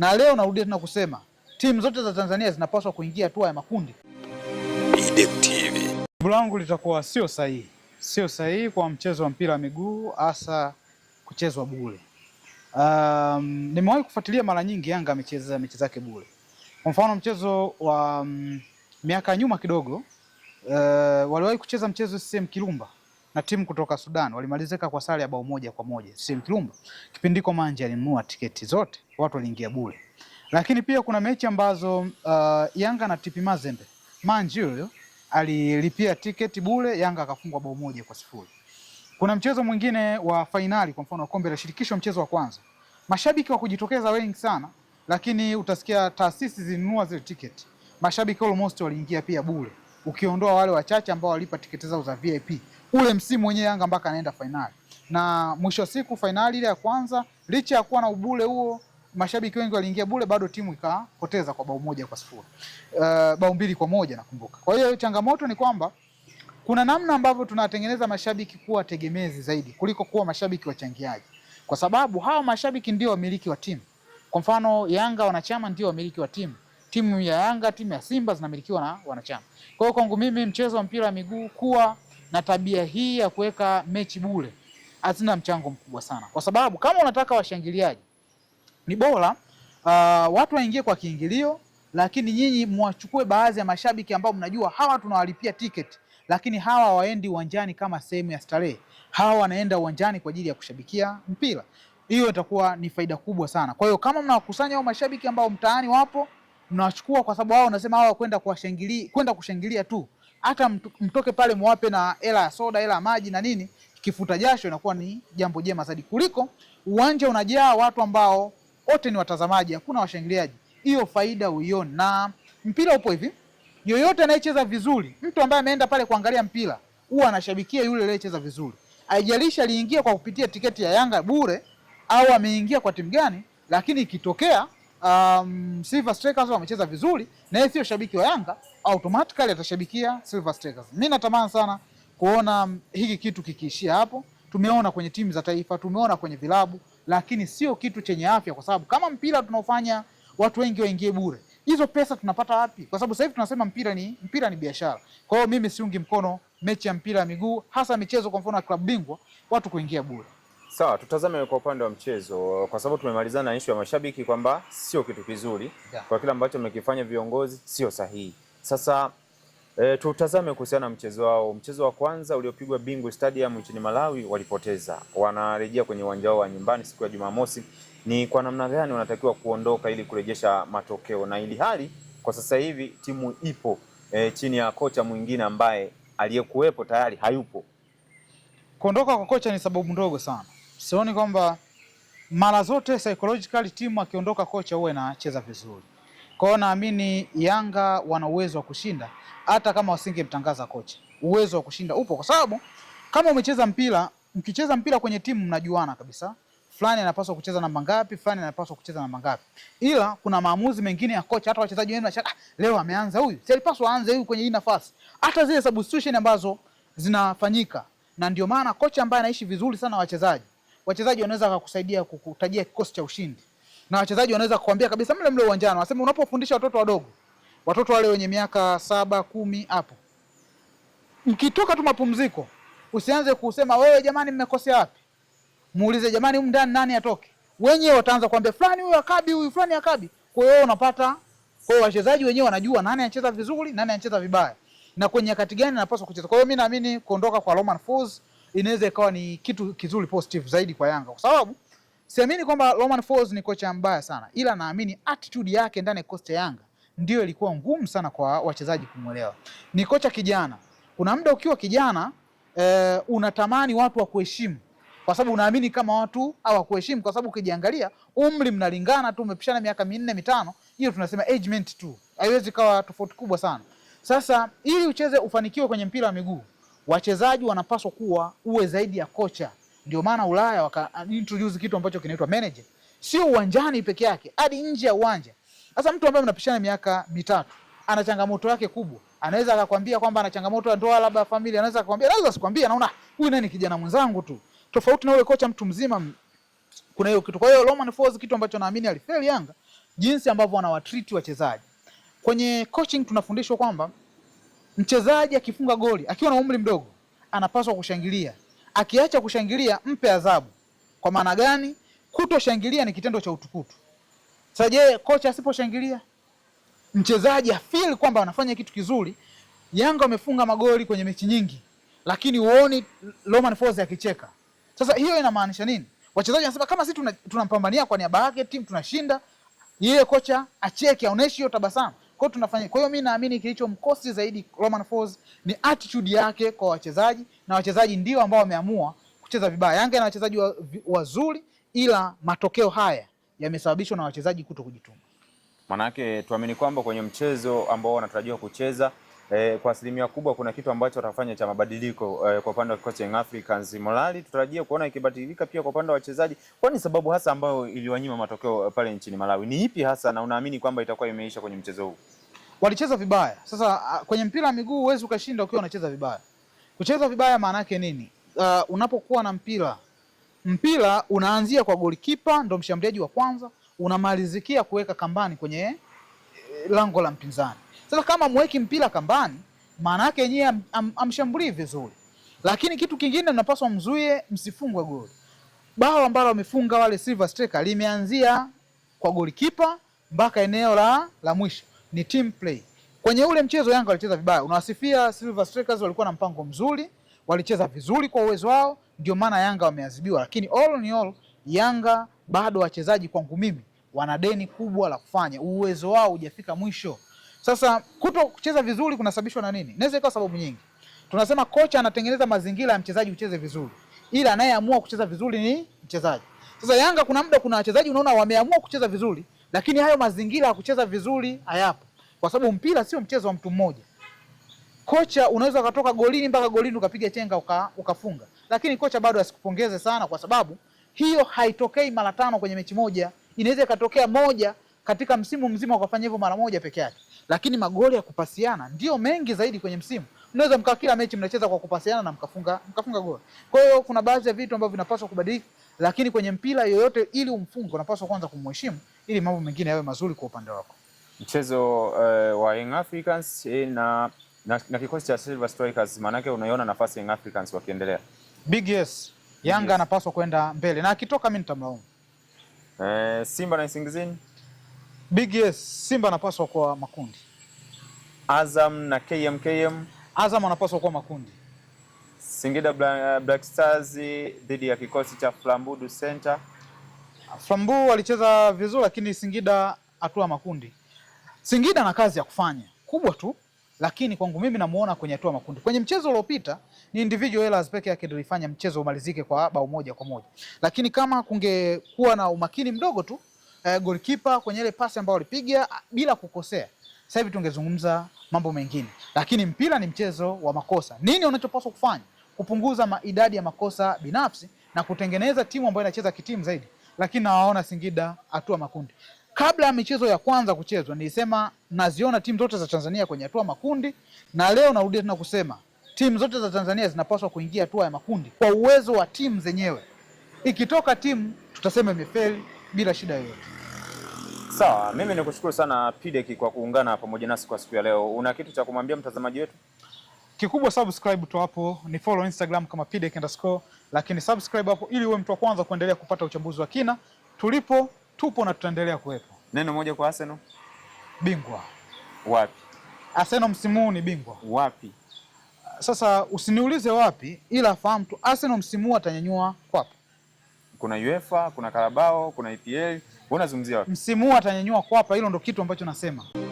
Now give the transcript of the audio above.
na leo narudia tena kusema timu zote za Tanzania zinapaswa kuingia hatua ya makundi. Jibu langu litakuwa sio sahihi, sio sahihi kwa mchezo wa mpira wa miguu hasa kuchezwa bure. Um, nimewahi kufuatilia mara nyingi Yanga amecheza mechi zake bure. Kwa mfano mchezo wa um, miaka nyuma kidogo, uh, waliwahi kucheza mchezo CCM Kirumba na timu kutoka Sudan walimalizika kwa sare ya bao moja kwa moja sehemu Kirumba. Kipindi hiko Manji alinunua tiketi zote, watu waliingia bure. Lakini pia kuna mechi ambazo uh, Yanga na TP Mazembe, Manje huyo alilipia tiketi bure, Yanga akafungwa bao moja kwa sifuri. Kuna mchezo mwingine wa fainali kwa mfano wa kombe la shirikisho, mchezo wa kwanza, mashabiki wa kujitokeza wengi sana, lakini utasikia taasisi zinunua zile tiketi, mashabiki almost waliingia pia bure ukiondoa wale wachache ambao walipa tiketi zao za VIP ule msimu wenyewe Yanga mpaka anaenda fainali. Na mwisho wa siku fainali ile ya kwanza, licha ya kuwa na ubule huo, mashabiki wengi waliingia bule, bado timu ikapoteza kwa bao moja kwa sifuri uh, bao mbili kwa moja nakumbuka. Kwa hiyo changamoto ni kwamba kuna namna ambavyo tunatengeneza mashabiki kuwa tegemezi zaidi kuliko kuwa mashabiki wachangiaji, kwa sababu hawa mashabiki ndio wamiliki wa timu. Kwa mfano Yanga wanachama ndio wamiliki wa timu timu ya Yanga, timu ya Simba zinamilikiwa na wanachama. Kwa hiyo kwangu mimi mchezo wa mpira wa miguu kuwa na tabia hii ya kuweka mechi bure hazina mchango mkubwa sana, kwa sababu kama unataka washangiliaji ni bora uh, watu waingie kwa kiingilio, lakini nyinyi mwachukue baadhi ya mashabiki ambao mnajua hawa tunawalipia tiketi, lakini hawa waendi uwanjani kama sehemu ya starehe. Hawa wanaenda uwanjani kwa ajili ya kushabikia mpira. Hiyo itakuwa ni faida kubwa sana. Kwa hiyo kama mnawakusanya hao mashabiki ambao mtaani wapo mnawachukua kwa sababu wao wanasema hao kwenda kuwashangilia, kwenda kushangilia tu, hata mtoke pale mwape na hela ya soda, hela ya maji na nini, kifuta jasho inakuwa ni jambo jema zaidi kuliko uwanja unajaa watu ambao wote ni watazamaji, hakuna washangiliaji. Hiyo faida uione. Na mpira upo hivi, yoyote anayecheza vizuri, mtu ambaye ameenda pale kuangalia mpira huwa anashabikia yule aliyecheza vizuri, haijalishi aliingia kwa kupitia tiketi ya Yanga bure au ameingia kwa timu gani, lakini ikitokea um, Silver Strikers wamecheza vizuri na sio shabiki wa Yanga, automatically atashabikia Silver Strikers. Mimi natamani sana kuona um, hiki kitu kikiishia hapo. Tumeona kwenye timu za taifa, tumeona kwenye vilabu, lakini sio kitu chenye afya, kwa sababu kama mpira tunaofanya watu wengi waingie bure, hizo pesa tunapata wapi? Kwa sababu sasa hivi tunasema mpira ni mpira ni biashara. Kwa hiyo mimi siungi mkono mechi ya mpira ya miguu, hasa michezo kwa mfano ya klabu bingwa, watu kuingia bure. Sawa, tutazame kwa upande wa mchezo, kwa sababu tumemalizana na issue ya mashabiki kwamba sio kitu kizuri yeah. Kwa kile ambacho mmekifanya viongozi sio sahihi. Sasa e, tutazame kuhusiana na mchezo wao. Mchezo wa kwanza uliopigwa Bingu Stadium nchini Malawi walipoteza, wanarejea kwenye uwanja wao wa nyumbani siku ya Jumamosi. Ni kwa namna gani wanatakiwa kuondoka ili kurejesha matokeo, na ili hali kwa sasa hivi timu ipo e, chini ya kocha mwingine ambaye aliyekuwepo tayari hayupo. Kuondoka kwa kocha ni sababu ndogo sana sioni kwamba mara zote psychologically timu akiondoka kocha huwe nacheza vizuri. Kwa hiyo naamini Yanga wana uwezo wa kushinda hata kama wasingemtangaza kocha. Uwezo wa kushinda upo kwa sababu kama umecheza mpira, mkicheza mpira kwenye timu mnajuana kabisa. Fulani anapaswa kucheza namba ngapi, fulani anapaswa kucheza namba ngapi. Ila kuna maamuzi mengine ya kocha hata wachezaji wenu wanashangaa, ah, leo ameanza huyu. Si alipaswa aanze huyu kwenye hii nafasi. Hata zile substitution ambazo zinafanyika na ndio maana kocha ambaye anaishi vizuri sana wachezaji wachezaji wanaweza wakakusaidia kukutajia kikosi cha ushindi, na wachezaji wanaweza kukwambia kabisa mle mle uwanjani, wanasema unapofundisha watoto wadogo, watoto wale wenye miaka saba kumi hapo, mkitoka tu mapumziko, usianze kusema wewe, jamani, mmekosea wapi? Muulize jamani, humu ndani nani atoke? Wenyewe wataanza kuambia fulani huyu akabi, huyu fulani akabi. Kwa hiyo unapata, kwa hiyo wachezaji wenyewe wanajua nani anacheza vizuri, nani anacheza vibaya na kwenye nyakati gani anapaswa kucheza. Kwa hiyo mimi naamini kuondoka kwa Romain Folz inaweza ikawa ni kitu kizuri positive zaidi kwa Yanga, kwa sababu siamini kwamba Romain Folz ni kocha mbaya sana, ila naamini attitude yake ndani ya kosta Yanga ndio ilikuwa ngumu sana kwa wachezaji kumwelewa. Ni kocha kijana, kuna muda ukiwa kijana e, unatamani watu wa kuheshimu kwa sababu unaamini kama watu hawakuheshimu, kwa sababu ukijiangalia umri mnalingana tu, umepishana miaka minne mitano, hiyo tunasema agement tu, haiwezi kawa tofauti kubwa sana. Sasa ili ucheze ufanikiwe kwenye mpira wa miguu wachezaji wanapaswa kuwa uwe zaidi ya kocha. Ndio maana Ulaya waka introduce kitu ambacho kinaitwa manager, sio uwanjani peke yake, hadi nje ya uwanja. Sasa mtu ambaye mnapishana miaka mitatu ana changamoto yake kubwa, anaweza akakwambia kwamba ana changamoto ya ndoa, labda familia, anaweza akakwambia, anaweza asikwambia, naona huyu nani kijana mwenzangu tu, tofauti na yule kocha mtu mzima. Kuna hiyo kitu. Kwa hiyo Roman Folz, kitu ambacho naamini alifeli Yanga, jinsi ambavyo anawatreat wachezaji. Kwenye coaching tunafundishwa kwamba Mchezaji akifunga goli akiwa na umri mdogo anapaswa kushangilia, akiacha kushangilia mpe adhabu. Kwa maana gani? Kutoshangilia ni kitendo cha utukutu. Sasa je, kocha asiposhangilia mchezaji afeel kwamba anafanya kitu kizuri? Yanga wamefunga magoli kwenye mechi nyingi, lakini uoni Romain Folz akicheka. Sasa hiyo inamaanisha nini? Wachezaji wanasema kama sisi tunampambania tuna kwa niaba yake timu tunashinda, yeye kocha acheke, aoneshe hiyo tabasamu. Kwa hiyo tunafanya, kwa hiyo mimi naamini kilichomkosti zaidi Romain Folz ni attitude yake kwa wachezaji, na wachezaji ndio ambao wameamua kucheza vibaya. Yanga na wachezaji wazuri wa ila matokeo haya yamesababishwa na wachezaji kuto kujituma. Manake tuamini kwamba kwenye mchezo ambao wanatarajiwa kucheza eh, kwa asilimia kubwa kuna kitu ambacho watafanya cha mabadiliko eh, kwa upande wa kikosi Young Africans. Morali tutarajia kuona ikibadilika pia kwa upande wa wachezaji. Kwani sababu hasa ambayo iliwanyima matokeo eh, pale nchini Malawi ni ipi hasa, na unaamini kwamba itakuwa imeisha kwenye mchezo huu? Walicheza vibaya. Sasa ah, kwenye mpira wa miguu huwezi ukashinda ukiwa unacheza vibaya. Kucheza vibaya maana yake nini? Uh, unapokuwa na mpira mpira unaanzia kwa golikipa, ndo mshambuliaji wa kwanza, unamalizikia kuweka kambani kwenye eh, lango la mpinzani. Sasa kama mweki mpira kambani, maana yake yeye am, am, amshambulii vizuri, lakini kitu kingine unapaswa mzuie msifungwe goli. Bao ambalo wamefunga wale Silver Striker limeanzia kwa golikipa mpaka eneo la, la mwisho ni team play. Kwenye ule mchezo Yanga walicheza vibaya, unawasifia Silver Strikers, walikuwa na mpango mzuri, walicheza vizuri kwa uwezo wao, ndio maana Yanga wameadhibiwa. Lakini all in all, Yanga bado wachezaji kwangu mimi wana deni kubwa la kufanya, uwezo wao hujafika mwisho. Sasa kuto kucheza vizuri kunasababishwa na nini? Inaweza ikawa sababu nyingi. Tunasema kocha anatengeneza mazingira ya mchezaji ucheze vizuri, ila anayeamua kucheza vizuri ni mchezaji. Sasa Yanga kuna muda, kuna wachezaji unaona wameamua kucheza vizuri, lakini hayo mazingira ya kucheza vizuri hayapo, kwa sababu mpira sio mchezo wa mtu mmoja. Kocha unaweza ukatoka golini mpaka golini ukapiga chenga uka, ukafunga, lakini kocha bado asikupongeze sana, kwa sababu hiyo haitokei mara tano kwenye mechi moja, inaweza ikatokea moja katika msimu mzima ukafanya hivyo mara moja peke yake, lakini magoli ya kupasiana ndio mengi zaidi kwenye msimu. Mnaweza mkawa kila mechi mnacheza kwa kupasiana na mkafunga mkafunga goli. Kwa hiyo kuna baadhi ya vitu ambavyo vinapaswa kubadilika, lakini kwenye mpira yoyote, ili umfunge unapaswa kwanza kumheshimu, ili mambo mengine yawe mazuri kwa upande wako. Mchezo uh, wa Young Africans eh, na, na, na kikosi cha Silver Strikers, maanake unaiona nafasi Young Africans wakiendelea big yes. Yanga anapaswa yes, kwenda mbele na akitoka mimi nitamlaumu. eh, Simba na Singizini Big yes, Simba anapaswa kwa makundi. Azam na KMKM. Azam anapaswa kwa makundi. Singida uh, Black Stars dhidi ya kikosi cha Flambudu Center. Flambu walicheza vizuri, lakini Singida hatua makundi. Singida na kazi ya kufanya kubwa tu, lakini kwangu mimi namuona kwenye hatua makundi. Kwenye mchezo uliopita ni individual errors peke yake ndio ilifanya mchezo umalizike kwa bao moja kwa moja, lakini kama kungekuwa na umakini mdogo tu eh, goalkeeper kwenye ile pasi ambayo alipiga ah, bila kukosea, sasa hivi tungezungumza mambo mengine, lakini mpira ni mchezo wa makosa. Nini unachopaswa kufanya? Kupunguza ma idadi ya makosa binafsi na kutengeneza timu ambayo inacheza kitimu zaidi, lakini nawaona Singida hatua makundi. Kabla ya michezo ya kwanza kuchezwa, nilisema naziona timu zote za Tanzania kwenye hatua makundi, na leo narudia tena kusema timu zote za Tanzania zinapaswa kuingia hatua ya makundi kwa uwezo wa timu zenyewe. Ikitoka timu tutasema imefeli bila shida yoyote. Sawa, mimi nikushukuru sana PDK e kwa kuungana pamoja nasi kwa siku ya leo. Una kitu cha kumwambia mtazamaji wetu? Kikubwa subscribe tu hapo, ni follow Instagram kama PDK e underscore, lakini subscribe hapo ili uwe mtu wa kwanza kuendelea kupata uchambuzi wa kina. Tulipo tupo na tutaendelea kuwepo. Neno moja kwa Arsenal, bingwa wapi? Arsenal msimu huu ni bingwa wapi? Sasa usiniulize wapi, ila fahamu tu Arsenal msimu huu atanyanyua kwapo kuna UEFA, kuna Carabao, kuna EPL. Wewe unazungumzia wapi? Msimu huu atanyanyua kwapa, hilo ndo kitu ambacho nasema.